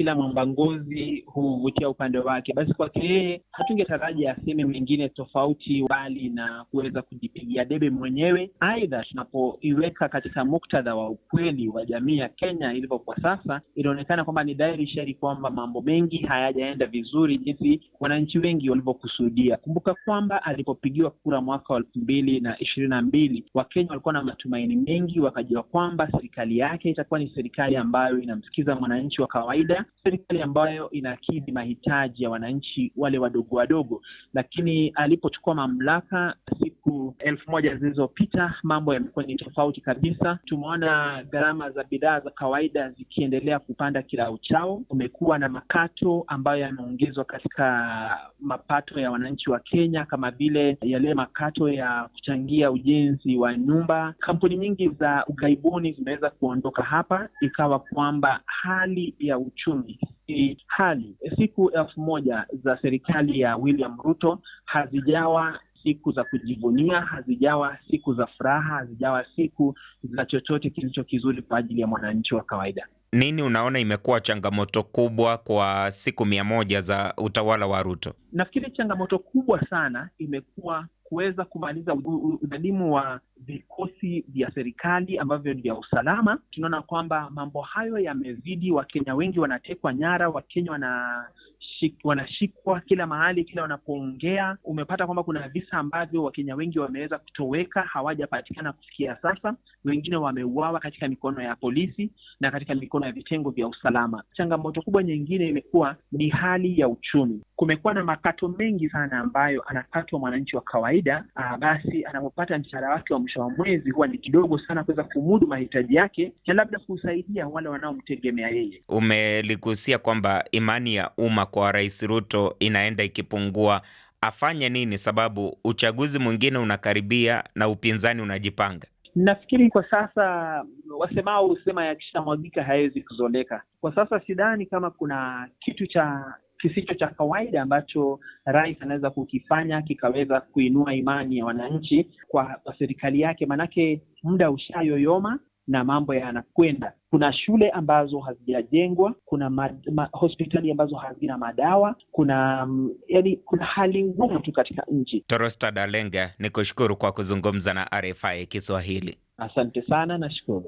kila mwamba ngozi huvutia upande wake. Basi kwake yeye hatungetaraji aseme mengine tofauti, bali na kuweza kujipigia debe mwenyewe. Aidha, tunapoiweka katika muktadha wa ukweli wa jamii ya Kenya ilivyokuwa sasa, inaonekana kwamba ni dhahiri shahiri kwamba mambo mengi hayajaenda vizuri jinsi wananchi wengi walivyokusudia. Kumbuka kwamba alipopigiwa kura mwaka wa elfu mbili na ishirini na mbili Wakenya walikuwa na matumaini mengi, wakajua kwamba serikali yake itakuwa ni serikali ambayo inamsikiza mwananchi wa kawaida serikali ambayo inakidhi mahitaji ya wananchi wale wadogo wadogo, lakini alipochukua mamlaka siku elfu moja zilizopita, mambo yamekuwa ni tofauti kabisa. Tumeona gharama za bidhaa za kawaida zikiendelea kupanda kila uchao. Kumekuwa na makato ambayo yameongezwa katika mapato ya wananchi wa Kenya, kama vile yale makato ya kuchangia ujenzi wa nyumba. Kampuni nyingi za ughaibuni zimeweza kuondoka hapa, ikawa kwamba hali ya uchumi hali siku elfu moja za serikali ya William Ruto hazijawa siku za kujivunia, hazijawa siku za furaha, hazijawa siku za chochote kilicho kizuri kwa ajili ya mwananchi wa kawaida. Nini unaona imekuwa changamoto kubwa kwa siku mia moja za utawala wa Ruto? Nafikiri changamoto kubwa sana imekuwa kuweza kumaliza udhalimu wa vikosi vya serikali ambavyo ni vya usalama. Tunaona kwamba mambo hayo yamezidi, Wakenya wengi wanatekwa nyara, Wakenya wana wanashikwa kila mahali, kila wanapoongea. Umepata kwamba kuna visa ambavyo Wakenya wengi wameweza kutoweka, hawajapatikana kufikia sasa. Wengine wameuawa katika mikono ya polisi na katika mikono ya vitengo vya usalama. Changamoto kubwa nyingine imekuwa ni hali ya uchumi kumekuwa na makato mengi sana ambayo anakatwa mwananchi wa kawaida a, ah, basi anapopata mshahara wake wa mwisho wa mwezi huwa ni kidogo sana kuweza kumudu mahitaji yake na labda kusaidia wale wanaomtegemea yeye. Umeligusia kwamba imani ya umma kwa Rais Ruto inaenda ikipungua. Afanye nini? Sababu uchaguzi mwingine unakaribia na upinzani unajipanga. Nafikiri kwa sasa wasemao husema yakishamwagika hayawezi kuzoleka. Kwa sasa sidhani kama kuna kitu cha kisicho cha kawaida ambacho rais anaweza kukifanya kikaweza kuinua imani ya wananchi kwa serikali yake, maanake muda ushayoyoma na mambo yanakwenda. Kuna shule ambazo hazijajengwa, kuna ma, ma, hospitali ambazo hazina madawa, kuna mm, yani, kuna hali ngumu tu katika nchi. torosta dalenga ni kushukuru kwa kuzungumza na RFI Kiswahili. Asante sana, nashukuru.